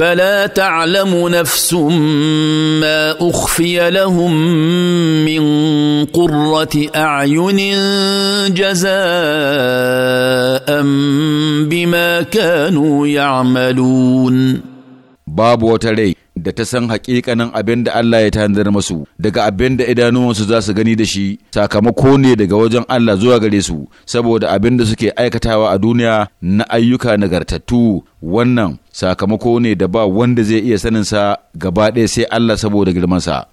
فلا تعلم نفس ما اخفي لهم من قره اعين جزاء بما كانوا يعملون babu wata rai da ta san hakikanin abin da Allah ya tanzar masu daga abin da idanuwansu za su gani da shi sakamako ne daga wajen Allah zuwa gare su saboda abin da suke aikatawa a duniya na ayyuka nagartattu wannan sakamako ne da ba wanda zai iya saninsa gaba ɗaya sai Allah saboda girmansa.